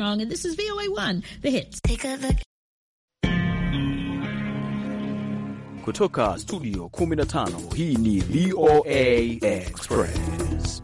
Armstrong, and this is VOA1, The Hits. Take a look. Kutoka studio 15, hii ni VOA Express.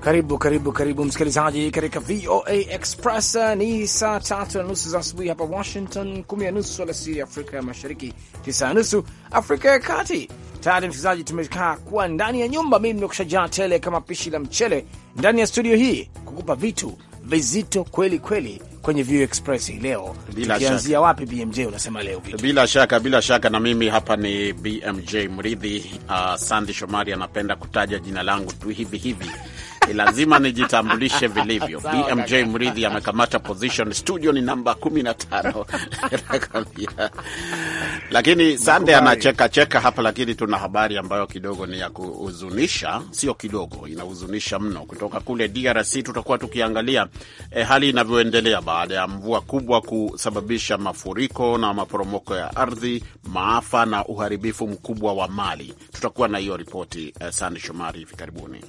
Karibu karibu karibu msikilizaji katika VOA Express. Ni saa tatu na nusu za asubuhi hapa Washington, kumi na nusu alasiri Afrika ya Mashariki, tisa na nusu Afrika ya Kati. tayari msikilizaji, tumekaa kuwa ndani ya nyumba, mimi nimekusha jaa tele kama pishi la mchele ndani ya studio hii kukupa vitu vizito kweli kweli kwenye View Express hii leo. Tukianzia wapi BMJ? Unasema leo vitu bila shaka, bila shaka. Na mimi hapa ni BMJ Mridhi. Uh, Sandi Shomari anapenda kutaja jina langu tu hivi hivi lazima nijitambulishe vilivyo. BMJ Mridhi amekamata position studio ni namba 15 lakini Sande anacheka cheka hapa, lakini tuna habari ambayo kidogo ni ya kuhuzunisha, sio kidogo, inahuzunisha mno. Kutoka kule DRC tutakuwa tukiangalia eh, hali inavyoendelea baada ya mvua kubwa kusababisha mafuriko na maporomoko ya ardhi, maafa na uharibifu mkubwa wa mali. Tutakuwa na hiyo ripoti eh, Sande Shomari hivi karibuni.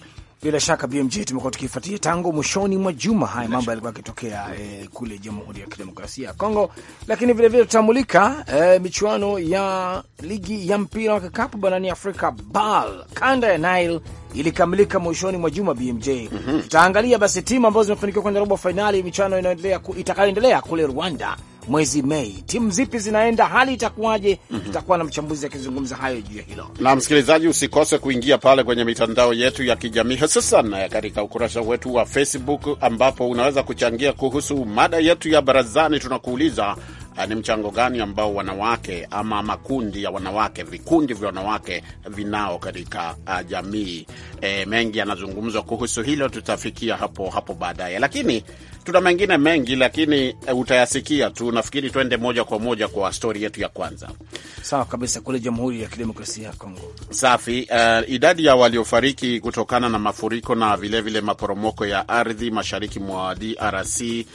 Bila shaka BMJ, tumekuwa tukifuatia tangu mwishoni mwa juma haya mambo yalikuwa yakitokea e, kule Jamhuri ya Kidemokrasia ya Kongo, lakini vilevile tutamulika e, eh, michuano ya ligi ya mpira wa kikapu barani Afrika BAL kanda ya Nile ilikamilika mwishoni mwa juma BMJ. mm -hmm. Tutaangalia basi timu ambazo zimefanikiwa kwenye robo fainali, michuano itakayoendelea kule Rwanda mwezi Mei. Timu zipi zinaenda? Hali itakuwaje? mm -hmm. Tutakuwa na mchambuzi akizungumza hayo juu ya hilo, na msikilizaji, usikose kuingia pale kwenye mitandao yetu ya kijamii, hususan katika ukurasa wetu wa Facebook ambapo unaweza kuchangia kuhusu mada yetu ya barazani. Tunakuuliza Ah, ni mchango gani ambao wanawake ama makundi ya wanawake, vikundi vya wanawake vinao katika uh, jamii. E, mengi yanazungumzwa kuhusu hilo, tutafikia hapo hapo baadaye, lakini tuna mengine mengi, lakini uh, utayasikia tu. Nafikiri twende moja kwa moja kwa stori yetu ya kwanza. Sawa kabisa, kule Jamhuri ya Kidemokrasia ya Kongo. Safi. Uh, idadi ya waliofariki kutokana na mafuriko na vilevile maporomoko ya ardhi mashariki mwa DRC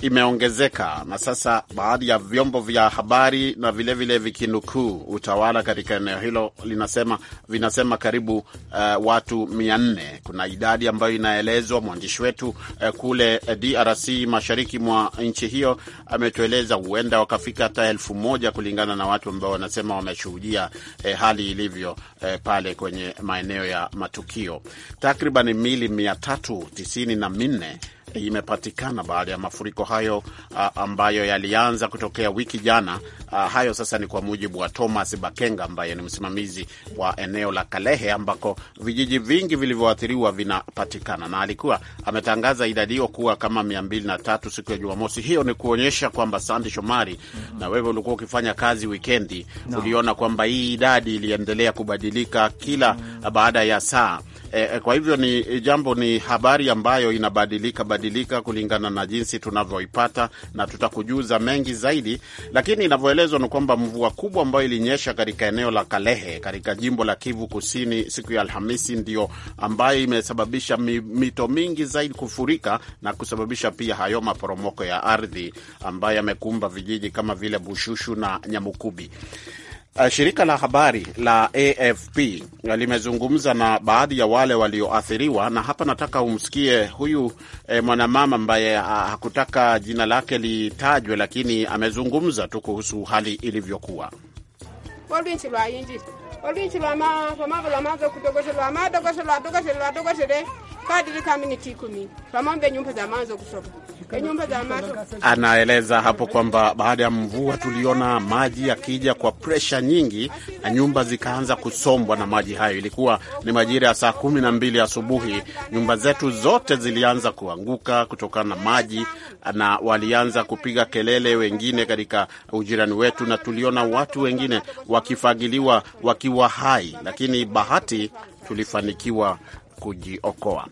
imeongezeka na sasa baadhi ya vyombo vya habari na vilevile vikinukuu utawala katika eneo hilo linasema, vinasema karibu uh, watu mia nne. Kuna idadi ambayo inaelezwa. Mwandishi wetu uh, kule eh, DRC mashariki mwa nchi hiyo ametueleza huenda wakafika hata elfu moja kulingana na watu ambao wanasema wameshuhudia uh, hali ilivyo uh, pale kwenye maeneo ya matukio. Takriban mili mia tatu tisini na minne imepatikana baada ya mafuriko hayo ambayo yalianza kutokea wiki jana. hayo sasa ni kwa mujibu wa Thomas Bakenga ambaye ni msimamizi wa eneo la Kalehe ambako vijiji vingi vilivyoathiriwa vinapatikana, na alikuwa ametangaza idadi hiyo kuwa kama mia mbili na tatu siku ya Jumamosi. Hiyo ni kuonyesha kwamba, Sandi Shomari, mm -hmm. na wewe ulikuwa ukifanya kazi wikendi no. uliona kwamba hii idadi iliendelea kubadilika kila mm -hmm. baada ya saa e, e, kwa hivyo ni jambo, ni habari ambayo inabadilika inabadilika kulingana na jinsi tunavyoipata, na tutakujuza mengi zaidi, lakini inavyoelezwa ni kwamba mvua kubwa ambayo ilinyesha katika eneo la Kalehe katika jimbo la Kivu Kusini siku ya Alhamisi ndio ambayo imesababisha mito mingi zaidi kufurika na kusababisha pia hayo maporomoko ya ardhi ambayo yamekumba vijiji kama vile Bushushu na Nyamukubi. Shirika la habari la AFP limezungumza na baadhi ya wale walioathiriwa, na hapa nataka umsikie huyu eh, mwanamama ambaye hakutaka jina lake litajwe, lakini amezungumza tu kuhusu hali ilivyokuwa kama nyumba za kusoka nyumba za Anaeleza hapo kwamba baada ya mvua tuliona maji yakija kwa presha nyingi na nyumba zikaanza kusombwa na maji hayo. Ilikuwa ni majira ya saa kumi na mbili asubuhi, nyumba zetu zote zilianza kuanguka kutokana na maji, na walianza kupiga kelele wengine katika ujirani wetu, na tuliona watu wengine wakifagiliwa wakiwa hai, lakini bahati tulifanikiwa kujiokoa.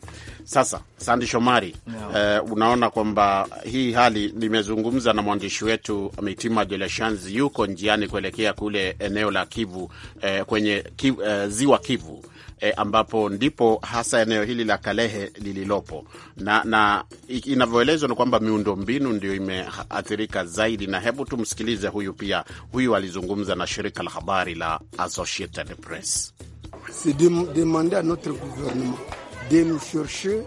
Sasa Sandi Shomari, yeah. Uh, unaona kwamba hii hali, nimezungumza na mwandishi wetu Mitima De La yuko njiani kuelekea kule eneo la Kivu, eh, kwenye Kivu, eh, ziwa Kivu E, ambapo ndipo hasa eneo hili la Kalehe lililopo na, na inavyoelezwa ni kwamba miundo mbinu ndio imeathirika zaidi, na hebu tumsikilize huyu pia. Huyu alizungumza na shirika la habari la Associated Press. c'est de demander à notre gouvernement de nous chercher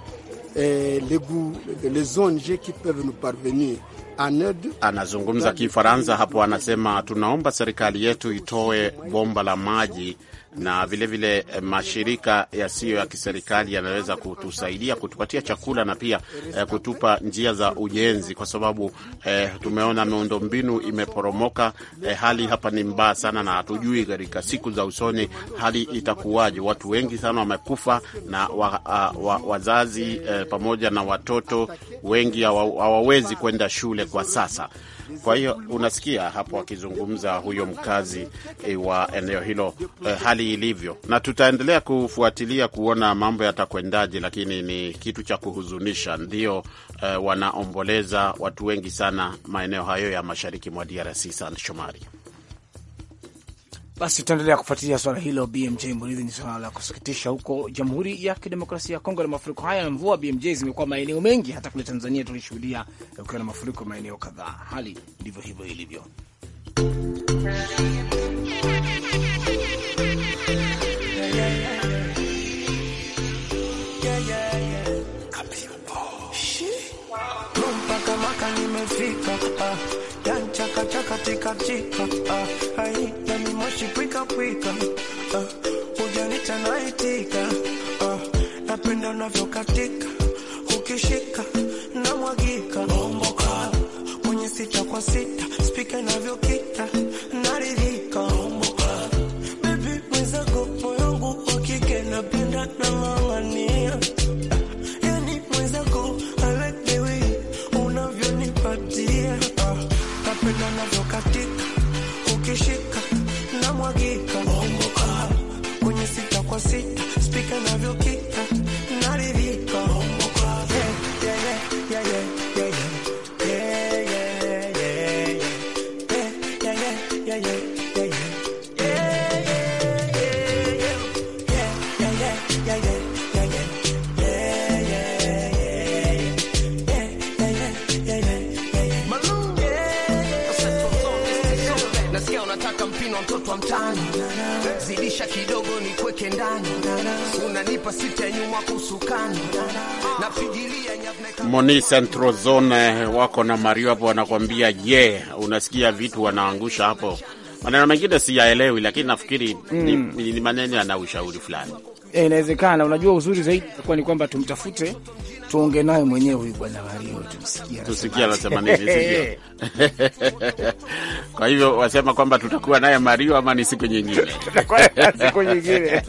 eh, les, goûts, les ONG qui peuvent nous parvenir Anazungumza Kifaransa hapo, anasema tunaomba serikali yetu itoe bomba la maji na vilevile vile eh, mashirika yasiyo ya kiserikali yanaweza kutusaidia kutupatia chakula na pia eh, kutupa njia za ujenzi, kwa sababu eh, tumeona miundombinu imeporomoka. Eh, hali hapa ni mbaya sana, na hatujui katika siku za usoni hali itakuwaje. Watu wengi sana wamekufa na wa, wa, wa, wazazi eh, pamoja na watoto wengi hawawezi kwenda shule kwa sasa. Kwa hiyo unasikia hapo akizungumza huyo mkazi e, wa eneo hilo e, hali ilivyo, na tutaendelea kufuatilia kuona mambo yatakwendaje, lakini ni kitu cha kuhuzunisha. Ndio e, wanaomboleza watu wengi sana maeneo hayo ya mashariki mwa DRC. Sana Shomari. Basi tutaendelea kufuatilia swala hilo BMJ Mridhi. Ni swala la kusikitisha huko Jamhuri ya Kidemokrasia ya Kongo, na mafuriko haya na mvua BMJ zimekuwa maeneo mengi, hata kule Tanzania tulishuhudia ukiwa na mafuriko maeneo kadhaa. Hali ndivyo hivyo ilivyo. umefika ah, dan chaka chaka tika tika ah, hai na ni moshi pika pika ah, ujanita naitika ah, napenda unavyokatika ukishika na mwagika bomboka kwenye sita kwa sita spika inavyokita seat. Speaking of your kids. Moni Zone wako na Mario hapo, wanakwambia ye yeah. Unasikia vitu wanaangusha hapo, maneno mengine siyaelewi, lakini nafikiri mm. ni, ni maneno yana ushauri fulani. Eh, inawezekana. Unajua, uzuri zaidi kwa ni kwamba tumtafute tuonge naye mwenyewe huyu bwana Mario, tusikie anasema nini, sivyo? Kwa hivyo wasema kwamba tutakuwa naye Mario ama ni siku nyingine? tutakuwa siku nyingine.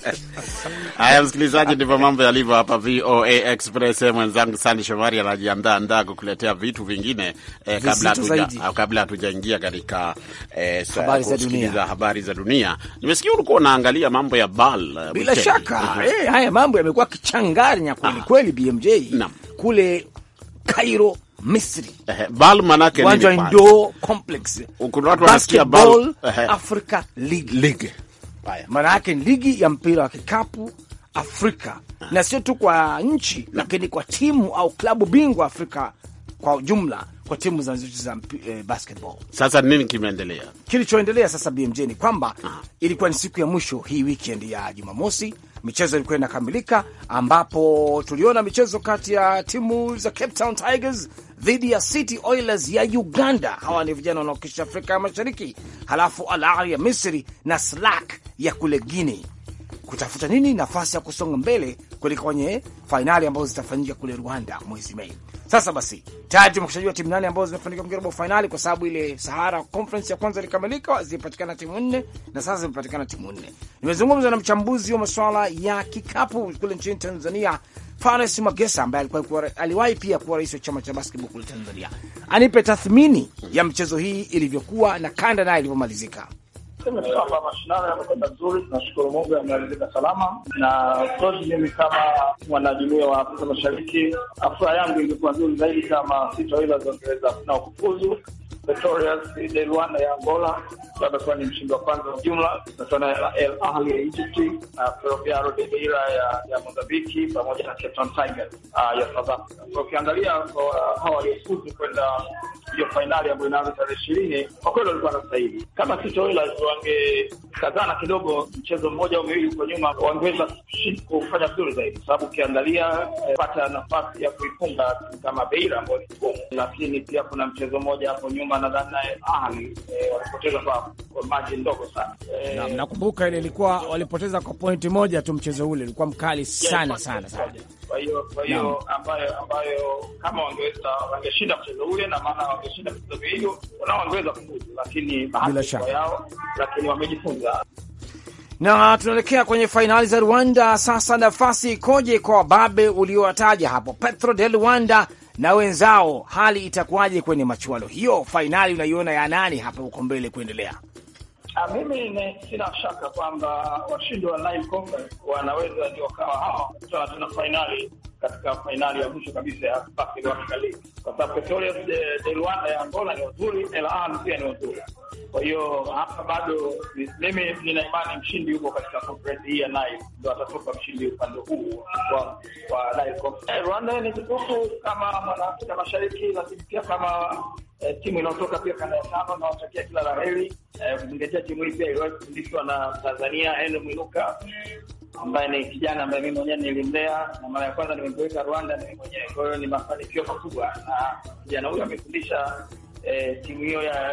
Haya, msikilizaji, ndivyo mambo yalivyo hapa VOA Express. Mwenzangu Sandi Shomari anajiandaa ndaa kukuletea vitu vingine eh, kabla hatujaingia katika eh, kusikiliza habari za dunia. Nimesikia ulikuwa unaangalia mambo ya BAL eh, bila shaka. Eh, haya mambo yamekuwa kichanganya kweli ah. kweli BMJ na kule Cairo Misri, bal manake nini? Indoor complex, kuna watu wanasikia bal Africa League, league manake ligi ya mpira wa kikapu Afrika ah. na sio tu kwa nchi, lakini kwa timu au klabu bingwa Afrika kwa ujumla kwa timu za nchi za e, basketball. Sasa nini kimeendelea? Kilichoendelea sasa BMJ ni kwamba Aha. ilikuwa ni siku ya mwisho hii weekend ya Jumamosi, michezo ilikuwa inakamilika, ambapo tuliona michezo kati ya timu za Cape Town Tigers dhidi ya City Oilers ya Uganda. Hawa ni vijana wanaokiisha Afrika ya Mashariki, halafu Al Ahly ya Misri na Slack ya kule Guinea kutafuta nini nafasi ya kusonga mbele kuelekea kwenye fainali ambazo zitafanyika kule Rwanda mwezi Mei. Sasa basi tayari tumekushajua timu nane ambazo zimefanikiwa kuingia robo fainali, kwa sababu ile Sahara Conference ya kwanza ilikamilika, zimepatikana timu nne na sasa zimepatikana timu nne. Nimezungumza na mchambuzi wa masuala ya kikapu kule nchini Tanzania, Fares Magesa ambaye aliwahi pia kuwa rais wa chama cha basketball kule Tanzania, anipe tathmini ya mchezo hii ilivyokuwa na kanda naye ilivyomalizika. Niseme tu kwamba mashindano yamekwenda vizuri, nashukuru Mungu yamealizika salama, na kozi mimi kama mwanajumuia wa Afrika Mashariki, afuraha yangu ingekuwa nzuri zaidi kama sitaweza kuongeza na kufuzu Pretorius de Luanda ya Angola amekuwa ni mshindi wa kwanza wa jumla na Al Ahly ya Egypt na Ferroviaro de Beira ya, ya Mozambiki pamoja na Cape Town uh, ya South Africa. So ukiangalia uh, hawa waliofuzu kwenda hiyo fainali ambayo inaanza tarehe ishirini, kwa kweli walikuwa wanastahili. Kama Sitoilers wangekazana kidogo mchezo mmoja au miwili huko nyuma, wangeweza kufanya vizuri zaidi, sababu ukiangalia eh, pata nafasi ya kuifunga kama Beira ambayo ni ngumu, lakini pia kuna mchezo mmoja hapo nyuma Eh, walipoteza kwa maji ndogo sana eh, na nakumbuka ile ilikuwa walipoteza kwa pointi moja tu. Mchezo ule ulikuwa mkali sana sana sana. Kwa hiyo kwa hiyo ambayo ambayo kama wangeweza wangeshinda mchezo ule, na maana wangeshinda mchezo hiyo, wangeweza kufuzu, lakini bahati yao, lakini wamejifunza na tunaelekea kwenye fainali za Rwanda sasa. Nafasi ikoje kwa wababe uliowataja hapo? Petro de Rwanda na wenzao, hali itakuwaje kwenye machuano hiyo? Fainali unaiona ya nani hapa huko mbele kuendelea? A, ah, mimi sina shaka kwamba washindi wa live conference wanaweza ndio kawa hawa tena fainali katika fainali ya mwisho kabisa ya Afrika Mashariki, kwa sababu Petroleum de Luanda ya Angola ni wazuri, El Ahly pia ni wazuri. Kwa hiyo hapa bado mimi nina imani mshindi yuko katika conference hii ya Nile, ndio atatoka mshindi upande huu kwa kwa Nile Conference. Rwanda ni tukufu kama mwanaafrika mashariki, lakini pia kama eh, timu inayotoka pia kanda ya tano, nawatakia kila la heri eh, timu hii pia iliwahi kufundishwa na Tanzania Henry Mwinuka ambaye ni kijana ambaye mimi mwenyewe nilimlea na mara ya kwanza nimempeleka Rwanda mimi mwenyewe. Kwa hiyo ni mafanikio makubwa, na kijana huyo amefundisha eh, timu hiyo ya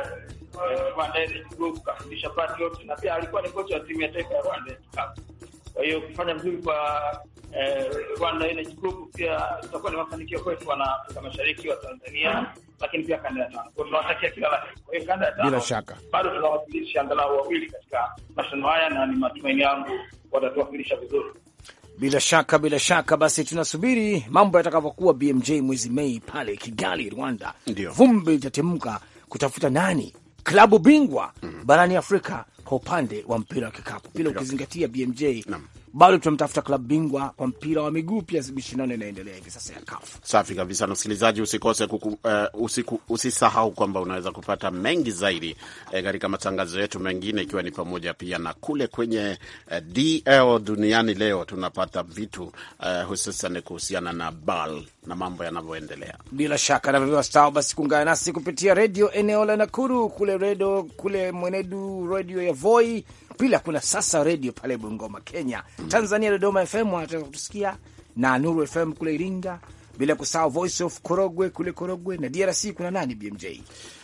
eh, Group kafundisha Patriot na pia alikuwa ni kocha wa timu ya taifa ya Rwanda. Kwa hiyo kufanya vizuri kwa eh, Rwanda Energy Group pia itakuwa ni mafanikio kwetu wana Afrika Mashariki wa Tanzania, lakini pia kanda ya tano. Kwa hiyo tunawatakia kila la heri. Kwa hiyo kanda ya tano bila shaka bado tunawakilisha angalau wawili katika mashindano haya, na ni matumaini yangu watatuwakilisha vizuri. Bila shaka, bila shaka. Basi tunasubiri mambo yatakavyokuwa, BMJ mwezi Mei pale Kigali, Rwanda. Ndiyo. vumbi litatimka kutafuta nani klabu bingwa mm -hmm. barani Afrika kwa upande wa mpira wa kikapu, bila ukizingatia BMJ Nam bado tunamtafuta klabu bingwa kwa mpira wa miguu pia, mishindano inaendelea hivi sasa ya kafu. Safi kabisa, na msikilizaji usikose kuku, uh, usiku, usisahau kwamba unaweza kupata mengi zaidi eh, katika eh, matangazo yetu mengine ikiwa ni pamoja pia na kule kwenye uh, eh, DL duniani leo tunapata vitu uh, hususan kuhusiana na bal na mambo yanavyoendelea bila shaka na vivyo stao. Basi kuungana nasi kupitia redio eneo la Nakuru kule redo kule mwenedu redio ya Voi Pili kuna sasa redio pale Bungoma, Kenya. Tanzania, Dodoma FM wanataka kutusikia na Nuru FM kule Iringa, bila kusahau Voice of Korogwe kule Korogwe, na DRC kuna nani BMJ,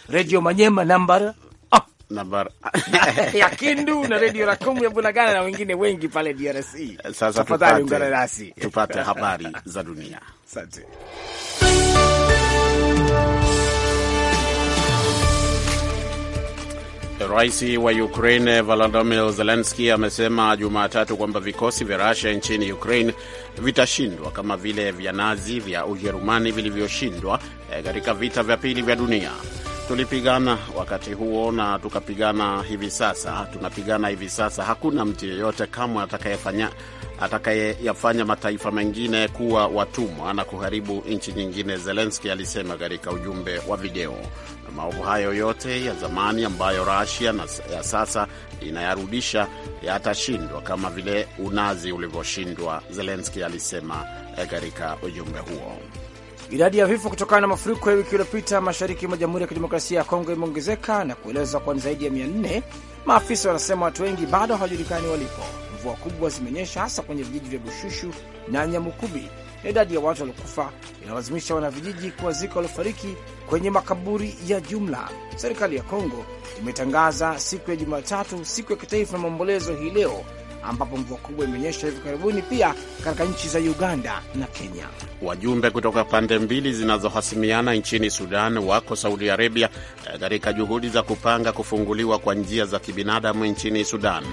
redio Manyema nambar ah! Nabar. ya Kindu na redio Rakumu ya Bunagana na wengine wengi pale DRC. Sasa tupate, tupate habari za dunia. Asante. Rais wa Ukraine Volodymyr zelenski amesema Jumatatu kwamba vikosi vya Rusia nchini Ukraine vitashindwa kama vile vya Nazi vya Ujerumani vilivyoshindwa eh, katika vita vya pili vya dunia. Tulipigana wakati huo na tukapigana hivi sasa, tunapigana hivi sasa. Hakuna mtu yeyote kamwe atakayefanya atakayeyafanya mataifa mengine kuwa watumwa na kuharibu nchi nyingine, Zelenski alisema katika ujumbe wa video maovu hayo yote ya zamani ambayo rasia na ya sasa inayarudisha yatashindwa kama vile Unazi ulivyoshindwa, zelenski alisema eh, katika ujumbe huo. Idadi ya vifo kutokana na mafuriko ya wiki iliyopita mashariki mwa Jamhuri ya Kidemokrasia ya Kongo imeongezeka na kuelezwa kuwa zaidi ya 400. Maafisa wanasema watu wengi bado hawajulikani walipo. Mvua kubwa zimenyesha hasa kwenye vijiji vya Bushushu na Nyamukubi, na idadi ya watu waliokufa inalazimisha wanavijiji kuwazika waliofariki kwenye makaburi ya jumla. Serikali ya Kongo imetangaza siku ya Jumatatu siku ya kitaifa ya maombolezo hii leo ambapo mvua kubwa imeonyesha hivi karibuni pia katika nchi za Uganda na Kenya. Wajumbe kutoka pande mbili zinazohasimiana nchini Sudan wako Saudi Arabia eh, katika juhudi za kupanga kufunguliwa kwa njia za kibinadamu nchini Sudan.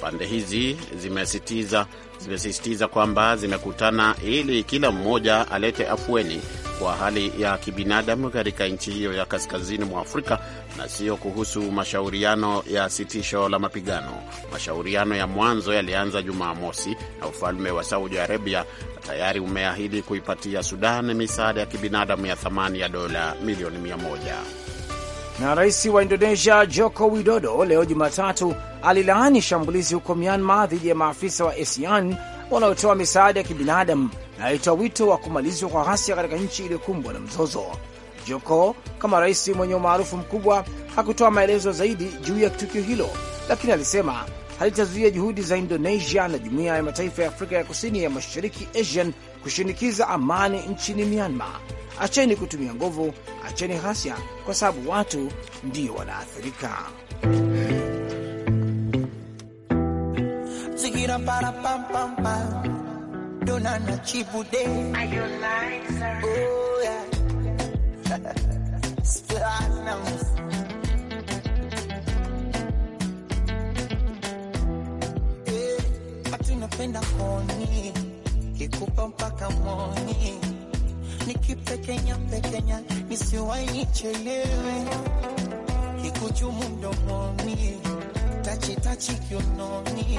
Pande hizi zimesisitiza zimesisitiza kwamba zimekutana ili kila mmoja alete afueni kwa hali ya kibinadamu katika nchi hiyo ya kaskazini mwa Afrika na sio kuhusu mashauriano ya sitisho la mapigano. Mashauriano ya mwanzo yalianza Jumamosi na ufalme wa Saudi Arabia tayari umeahidi kuipatia Sudan misaada ya kibinadamu ya thamani ya dola milioni mia moja. Na rais wa Indonesia Joko Widodo leo Jumatatu alilaani shambulizi huko Myanmar dhidi ya maafisa wa ASEAN wanaotoa misaada ya kibinadamu na alitoa wito wa kumalizwa kwa ghasia katika nchi iliyokumbwa na mzozo. Joko kama rais mwenye umaarufu mkubwa hakutoa maelezo zaidi juu ya tukio hilo, lakini alisema halitazuia juhudi za Indonesia na jumuiya ya mataifa ya Afrika ya kusini ya mashariki asian kushinikiza amani nchini Myanmar. Acheni kutumia nguvu, acheni ghasia, kwa sababu watu ndio wanaathirika. Madonna na Chibude. Oh yeah. Eh, napenda koni kikupa mpaka moni nikipekenya pekenya nisiwai nichelewe kikuchumu mdomoni tachitachi kiunoni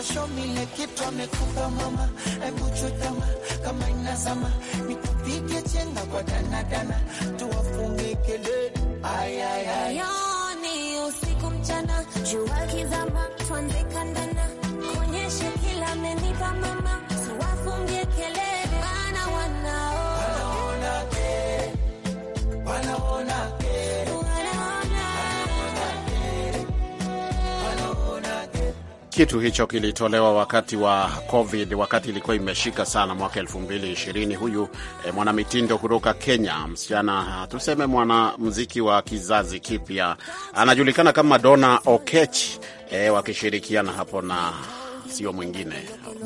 Sasa show me ile kitu amekupa mama, hebu chutama kama inazama, nikupige chenga kwa danadana, tuwafunge kelele. Ay, ay, ay. Yoni usiku mchana, jua kizama, tuanze kandana, kuonyeshe kila amenipa mama, tuwafunge kelele, wana wanaona, wanaona Kitu hicho kilitolewa wakati wa COVID, wakati ilikuwa imeshika sana mwaka 2020. Huyu eh, mwanamitindo kutoka Kenya, msichana tuseme mwanamuziki wa kizazi kipya, anajulikana kama Donna Okech, eh, wakishirikiana hapo na sio mwingine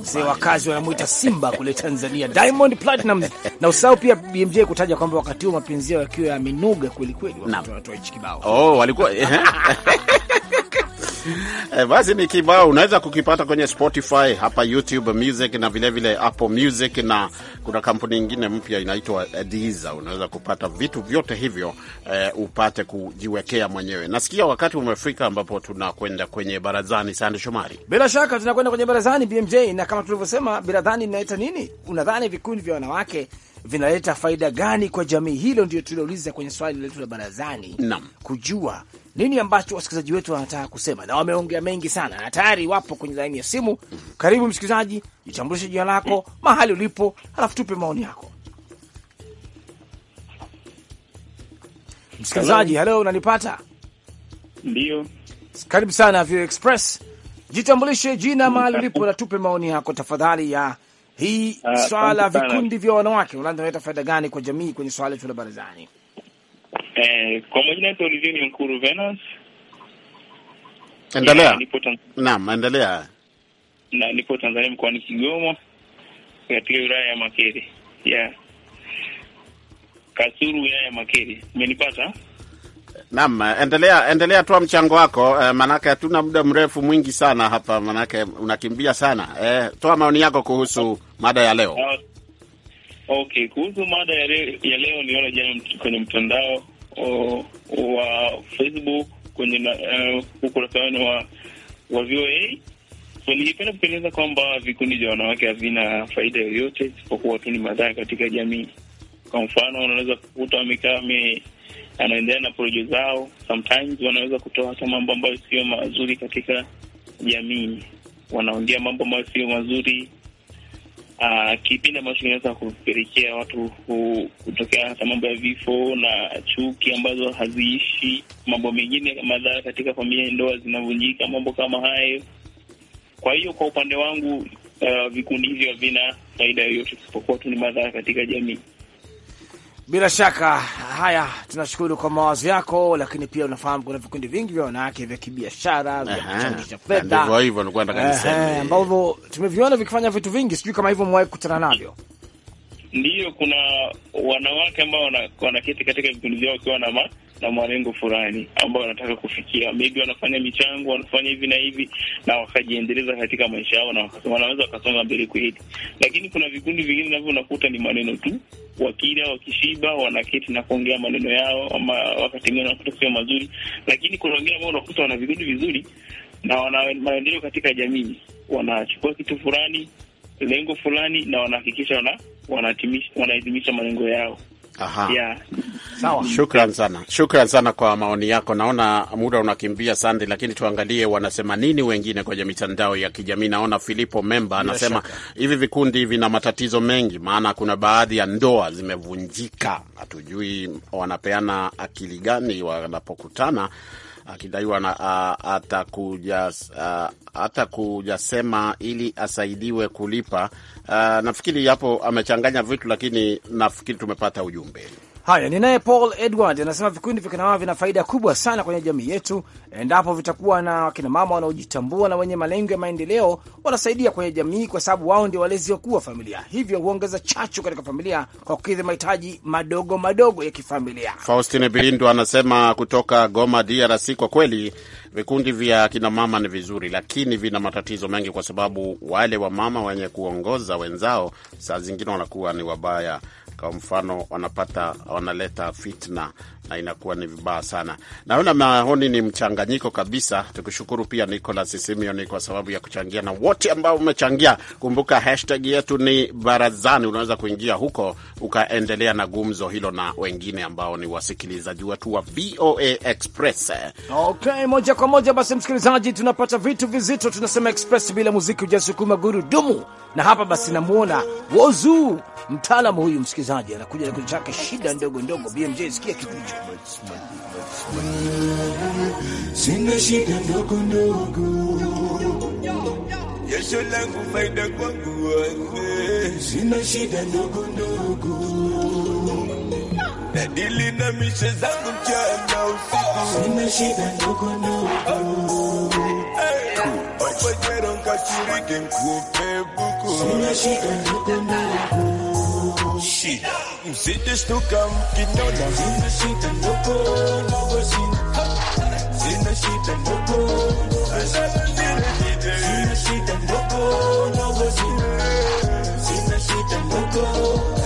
mzee wa kazi wanamwita Simba kule Tanzania, Diamond Platinum na usahau pia BMJ kutaja kwamba wakati huo mapenzi yao yakiwa yamenuga kwelikweli, wanatoa hichi kibao oh, walikuwa eh, E, basi ni kibao unaweza kukipata kwenye Spotify, hapa YouTube Music na vilevile Apple Music, na kuna kampuni nyingine mpya inaitwa Deezer. Unaweza kupata vitu vyote hivyo e, upate kujiwekea mwenyewe. Nasikia wakati umefika ambapo tunakwenda kwenye barazani. Sande Shomari, bila shaka tunakwenda kwenye barazani BMJ, na kama tulivyosema barazani inaita nini? Unadhani vikundi vya wanawake vinaleta faida gani kwa jamii? Hilo ndio tuliuliza kwenye swali letu la barazani, Nam. kujua nini ambacho wasikilizaji wetu wanataka kusema, na wameongea mengi sana na tayari wapo kwenye laini ya simu. Karibu msikilizaji, jitambulishe jina lako, mahali ulipo, halafu tupe maoni yako. Msikilizaji, halo, unanipata? Ndio, karibu sana Vio Express. Jitambulishe jina, mahali ulipo, na tupe maoni yako tafadhali ya hii uh, swala vikundi vya wanawake unadhani inaleta faida gani kwa jamii kwenye swala hilo la barazani? Eh, kwa majina yetu Olivier ni Mkuru Venus. Endelea. Naam, endelea. Na nipo Tanzania ni Kigoma katika wilaya ya Makere. Yeah. Kasuru wilaya ya Makere. Umenipata? Naam, endelea endelea, toa mchango wako eh, manake hatuna muda mrefu mwingi sana hapa, manake unakimbia sana eh, toa maoni yako kuhusu mada ya leo. Ah, okay, kuhusu mada ya ya leo niona jana kwenye mtandao o, wa Facebook kwenye uh, ukurasa wenu wa wa VOA so, ningependa kwamba vikundi vya wanawake havina faida yoyote isipokuwa tu ni madhara katika jamii. Kwa mfano, unaweza kukuta wamekaa anaendelea na projo zao. Sometimes wanaweza kutoa hata mambo ambayo sio mazuri katika jamii, wanaongea mambo ambayo sio mazuri Uh, kipindi ambacho kinaweza kupelekea watu kutokea hata mambo ya vifo na chuki ambazo haziishi, mambo mengine madhara katika familia, ndoa zinavunjika, mambo kama hayo. Kwa hiyo kwa upande wangu, uh, vikundi hivyo havina faida yoyote isipokuwa tu ni madhara katika jamii. Bila shaka haya, tunashukuru kwa mawazo yako, lakini pia unafahamu kuna vikundi vingi vya wanawake vya kibiashara vya kuchangisha fedha ambavyo tumeviona vikifanya vitu vingi. Sijui kama hivyo mwahi kukutana navyo. Ndiyo, kuna wanawake ambao wanaketi katika vikundi vyao wakiwa na na malengo fulani ambao wanataka kufikia, maybe wanafanya michango, wanafanya hivi na hivi, na wakajiendeleza katika maisha yao, na wanaweza wakasonga mbele kweli. Lakini kuna vikundi vingine navyo unakuta ni maneno tu, wakila wakishiba, wanaketi na kuongea maneno yao, ama wakati mwingine wanakuta sio mazuri, lakini kuna wengine ambao unakuta wana vikundi vizuri na wana maendeleo katika jamii, wanachukua kitu fulani lengo fulani na wanahakikisha wana, wanahitimisha wana malengo yao. Aha. Yeah. Sawa. Shukran sana. Shukran sana kwa maoni yako. Naona muda unakimbia Sandi, lakini tuangalie wanasema nini wengine kwenye mitandao ya kijamii. Naona Filipo Memba anasema hivi vikundi vina matatizo mengi, maana kuna baadhi ya ndoa zimevunjika. Hatujui wanapeana akili gani wanapokutana akidaiwa atakuja atakujasema ili asaidiwe kulipa Ah, nafikiri hapo amechanganya vitu, lakini nafikiri tumepata ujumbe. Haya, naye Paul Edward anasema vikundi vya kinamama vina faida kubwa sana kwenye jamii yetu. Endapo vitakuwa na wakinamama wanaojitambua na wenye malengo ya maendeleo, wanasaidia kwenye jamii, kwa sababu wao ndio walezi wakuu wa familia, hivyo huongeza chachu katika familia kwa kukidhi mahitaji madogo madogo ya kifamilia. Faustine Bilindo anasema kutoka Goma, DRC, kwa kweli vikundi vya kinamama ni vizuri, lakini vina matatizo mengi, kwa sababu wale wamama wenye kuongoza wenzao saa zingine wanakuwa ni wabaya kwa mfano, wanapata wanaleta fitna na inakuwa ni vibaya sana. Naona maoni ni mchanganyiko kabisa. Tukushukuru pia Nicolas Simeon kwa sababu ya kuchangia na wote ambao umechangia. Kumbuka hashtag yetu ni barazani, unaweza kuingia huko ukaendelea na gumzo hilo na wengine ambao ni wasikilizaji wetu wa VOA Express. Okay, moja kwa moja basi, msikilizaji, tunapata vitu vizito, tunasema Express bila muziki ujasukuma gurudumu. Na hapa basi namuona Wozu, mtaalamu huyu msikilizaji msikilizaji anakuja na kitu chake shida ndogo ndogo. BMJ, sikia kitu hicho. Sina shida ndogo ndogo, jasho langu faida kwangu, sina shida ndogo ndogo, nadili na mishe zangu mchana usiku, sina shida ndogo ndogo sina shida ndogo ndogo shida, msijishtuka mkiniona sina shida ndogo ndogo, sina shida ndogo ndogo, sina shida ndogo ndogo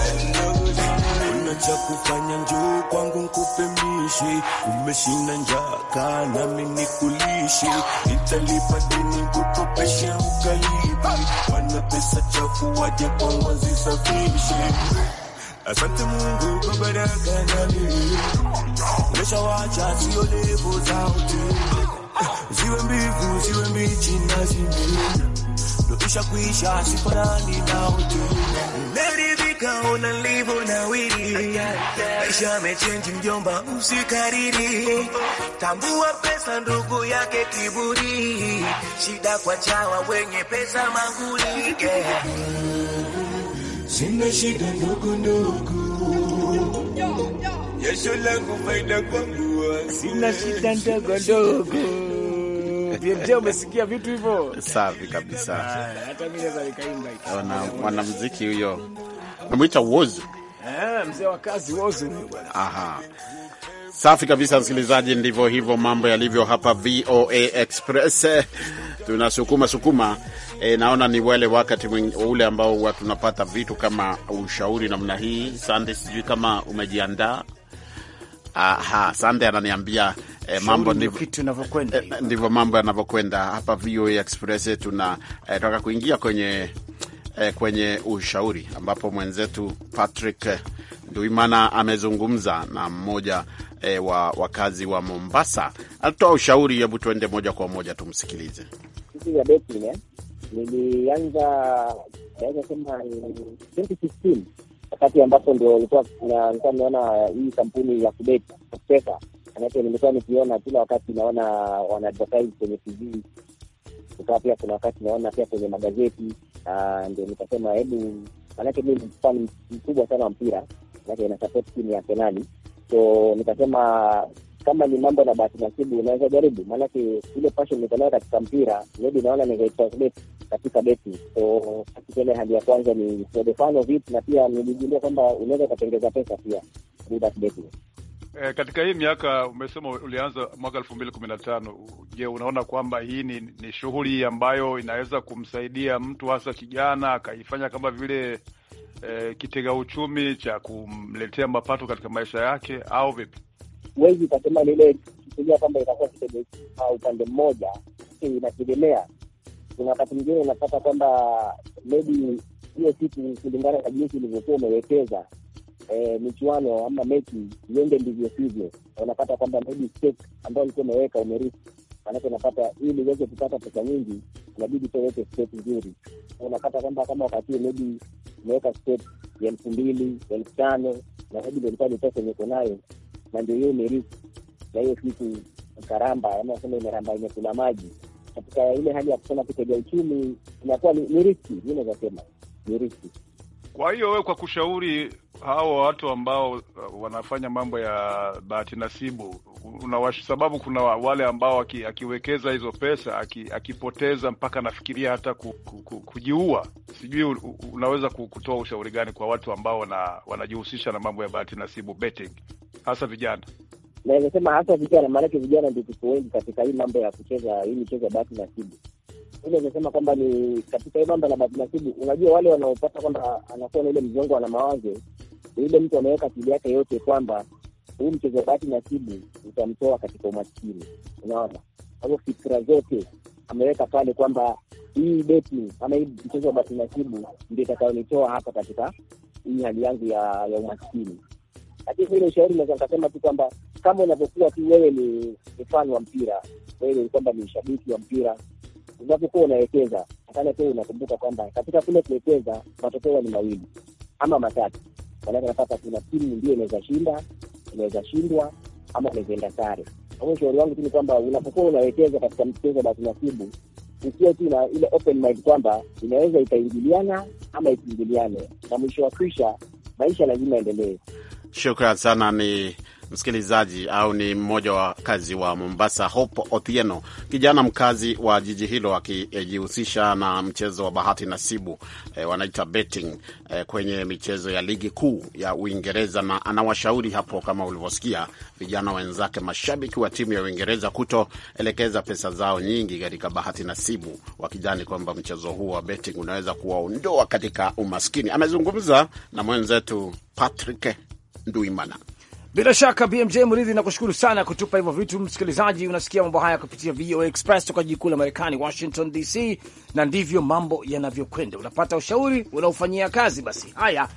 cha kufanya njoo kwangu nkupe mishi, umeshinda njaa kaa nami nikulishe, nitalipa deni kukopeshe ukalibi, mana pesa chafu waja kwangu azisafishe. Asante Mungu kwa baraka nami umeshawacha, sio levo za hoteli ziwe mbivu ziwe mbichi na zimina ndo dosha kuisha sifanani na hoteli. Nimeridhika ona na wili maisha mechenji mjomba, usikariri. Tambua pesa ndugu yake kiburi, shida kwa chawa wenye pesa manguli. Sina shida ndugu ndugu yesho langu faida kwangu, sina shida ndogo ndogo BMJ, umesikia vitu hivyo? Safi kabisa. Ah, hata mimi naweza nikaimba hicho. Mwanamuziki huyo namwita Wozu. Eh, mzee wa kazi Wozu huyo bwana. Aha. Safi kabisa, msikilizaji, ndivyo hivyo mambo yalivyo hapa VOA Express. Tunasukuma sukuma. E, naona ni wale wakati ule ambao huwa tunapata vitu kama ushauri namna hii. Sande, sijui kama umejiandaa. Aha, Sande ananiambia E, mambo eh, eh, ndivyo mambo yanavyokwenda hapa VOA Express. Tunataka e, kuingia kwenye e, kwenye ushauri ambapo mwenzetu Patrick Nduimana amezungumza na mmoja e, wa wakazi wa Mombasa, alitoa ushauri. Hebu tuende moja kwa moja tumsikilize. Nilianza naweza sema 2016 wakati ambapo ndio nilikuwa nimeona hii kampuni ya kubeti pesa manake nimekuwa nikiona kila wakati naona wana kwenye TV, ukawa pia kuna wakati naona pia kwenye magazeti, ndio nikasema hebu, manake mi fan mkubwa sana wa mpira, manake inasapoti timu ya Arsenali, so nikasema kama ni mambo na bahati nasibu unaweza jaribu, maanake ile passion niko nayo katika mpira zaidi, naona nikaitranslate katika beti. So katika ile hali ya kwanza ni for the fun of it, na pia nilijundua kwamba unaweza ukatengeza pesa pia through that betting. E, katika hii miaka umesema ulianza mwaka elfu mbili kumi na tano. Je, unaona kwamba hii ni, ni shughuli ambayo inaweza kumsaidia mtu hasa kijana akaifanya kama vile e, kitega uchumi cha kumletea mapato katika maisha yake au vipi? Huwezi ukasema lile kitegea kwamba itakuwa kitega upande mmoja, inategemea. Kuna wakati mwingine unapata kwamba maybe hiyo kitu kulingana na jinsi ulivyokuwa umewekeza e, michuano ama mechi iende ndivyo sivyo, unapata kwamba maybe stake ambayo ulikuwa umeweka umerisi, maanake unapata ili uweze kupata pesa nyingi inabidi pia uweke stake nzuri. Unapata kwamba kama wakati maybe umeweka stake ya elfu mbili elfu tano na maybe ndio ilikuwa ni pesa yenye uko nayo, na ndio hiyo umerisi, na hiyo siku karamba ama sema imeramba imekula maji katika ile hali ya kusema kutega uchumi inakuwa ni riski, mi naweza sema ni riski. Kwa hiyo wewe, kwa kushauri hao watu ambao uh, wanafanya mambo ya bahati nasibu unawash, sababu kuna wale ambao aki, akiwekeza hizo pesa aki, akipoteza mpaka nafikiria hata ku, ku, ku, kujiua. Sijui unaweza kutoa ushauri gani kwa watu ambao wana, wanajihusisha na mambo ya bahati nasibu betting, hasa vijana? Naweza sema hasa vijana, maanake vijana ndio tuko wengi katika hii mambo ya kucheza hii michezo ya bahati nasibu imesema kwamba ni katika hii mambo la bahati nasibu, unajua wale wanaopata kwamba anakuwa na ile mzongo ana mawazo, ile mtu anaweka akili yake yote kwamba huu mchezo wa bahati nasibu utamtoa katika umaskini. Unaona, kwa hiyo fikira zote ameweka pale kwamba hii beti ama hii mchezo wa bahati nasibu ndio itakayonitoa hapa katika hii hali yangu ya, ya umaskini. Lakini ile ushauri naweza nikasema tu kwamba kama unavyokuwa tu wewe ni mfano wa mpira, wewe kwamba ni shabiki wa mpira, unavyokuwa unawekeza, hapana, pia unakumbuka kwamba katika kule kuwekeza matokeo ni mawili ama matatu maanake napata kuna timu ndio inaweza shinda, inaweza shindwa ama inaweza enda sare. Kwa hiyo ushauri wangu tu ni kwamba unapokuwa unawekeza katika mchezo bahati nasibu ukiwa tu na ile open mind kwamba inaweza ikaingiliana ama isiingiliane, na mwisho wa kwisha maisha lazima endelee. Shukran sana ni msikilizaji au ni mmoja wa kazi wa Mombasa, Hope Othieno, kijana mkazi wa jiji hilo akijihusisha na mchezo wa bahati nasibu e, wanaita betting e, kwenye michezo ya ligi kuu ya Uingereza, na anawashauri hapo, kama ulivyosikia, vijana wenzake mashabiki wa timu ya Uingereza kutoelekeza pesa zao nyingi katika bahati nasibu, wakijani kwamba mchezo huo wa betting unaweza kuwaondoa katika umaskini. Amezungumza na mwenzetu Patrick Nduimana. Bila shaka BMJ Mridhi, nakushukuru sana kutupa hivyo vitu. Msikilizaji, unasikia mambo haya kupitia VOA Express toka jiji kuu la Marekani, Washington DC, na ndivyo mambo yanavyokwenda. Unapata ushauri unaofanyia kazi. Basi haya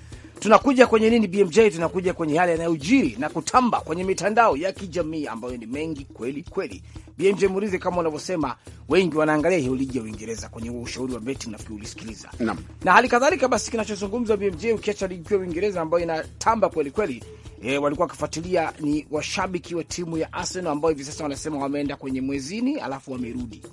tunakuja kwenye nini BMJ, tunakuja kwenye yale yanayojiri na kutamba kwenye mitandao ya kijamii ambayo ni mengi kweli kweli. BMJ Murizi, kama unavyosema, wengi wanaangalia hiyo ligi ya Uingereza kwenye ushauri wa betting, nafikiri ulisikiliza na, na hali kadhalika. Basi kinachozungumzwa BMJ, ukiacha ligi kuu ya Uingereza ambayo inatamba kweli kweli E, walikuwa wakifuatilia ni washabiki wa timu ya Arsenal ambao hivi sasa wanasema wameenda kwenye mwezini alafu wamerudi.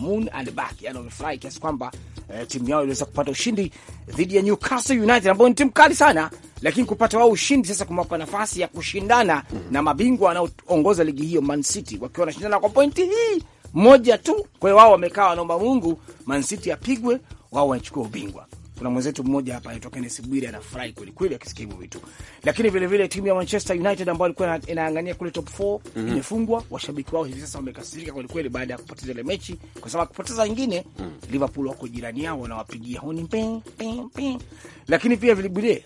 Moon and Back, yani wamefurahi kiasi kwamba eh, timu yao iliweza kupata ushindi dhidi ya Newcastle United ambayo ni timu kali sana, lakini kupata wao ushindi sasa kumewapa nafasi ya kushindana mm na mabingwa wanaoongoza ligi hiyo Man City wakiwa wanashindana kwa pointi hii moja tu. Kwa hiyo wao wamekaa wanaomba Mungu Man City apigwe, wao wanachukua ubingwa. Kuna mwenzetu mmoja hapa anaitwa Kenneth Bwire anafurahi kweli kweli akisikia hivyo vitu, lakini vile vile timu ya Manchester United ambayo ilikuwa inaangania kule top 4 mm -hmm. imefungwa. Washabiki wao hivi sasa wamekasirika kweli kweli baada ya kupoteza ile mechi, kwa sababu kupoteza nyingine mm -hmm. Liverpool wako jirani yao wanawapigia honi ping ping ping, lakini pia vile vile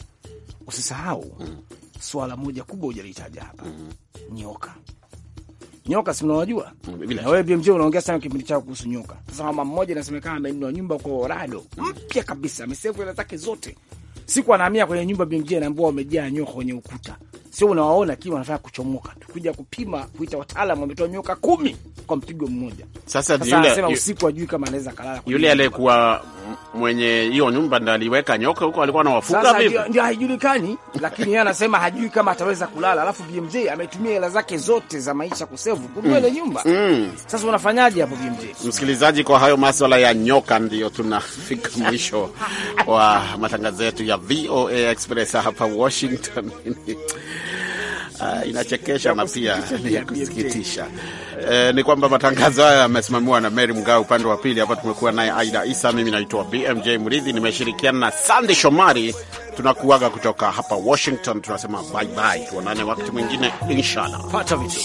usisahau mm -hmm. swala moja kubwa hujalitaja hapa mm -hmm. nyoka nyoka, si mnawajua? na wewe BMJ, unaongea sana kipindi chako kuhusu nyoka. Sasa mama mmoja anasemekana amenunua nyumba kwa orado mpya kabisa, amesevu hela zake zote, siku anahamia kwenye nyumba BMJ, anaambiwa wamejaa nyoka kwenye ukuta sio unawaona kiwa wanataka kuchomoka, tukuja kupima kuita wataalam wametoa nyoka kumi kwa mpigo mmoja. Sasa, anasema usiku ajui kama anaweza kalala. Yule aliyekuwa mwenye hiyo nyumba ndo aliweka nyoka huko, alikuwa anawafuga vipi? Ndio haijulikani, lakini yeye anasema hajui kama ataweza kulala. Alafu BMJ ametumia hela zake zote za maisha kusevu kununua mm. ile nyumba mm. Sasa unafanyaje hapo BMJ? Msikilizaji, kwa hayo maswala ya nyoka ndio tunafika mwisho wa matangazo yetu ya VOA Express hapa Washington uh, inachekesha na pia ni ya kusikitisha. E, ni kwamba matangazo haya yamesimamiwa na Mary mgao upande wa pili hapa tumekuwa naye Aida Isa, mimi naitwa BMJ Mridhi, nimeshirikiana na Sandy Shomari. Tunakuaga kutoka hapa Washington, tunasema bye bye, tuonane wakati mwingine inshallah. Pata vitu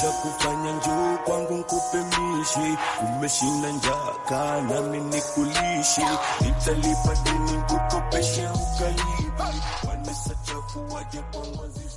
cha kufanya njoo kwangu nkupe mishi, umeshinda njaa nami nikulishi, nitalipa deni kukopesha ukalipa, wanesa chafu waje kwa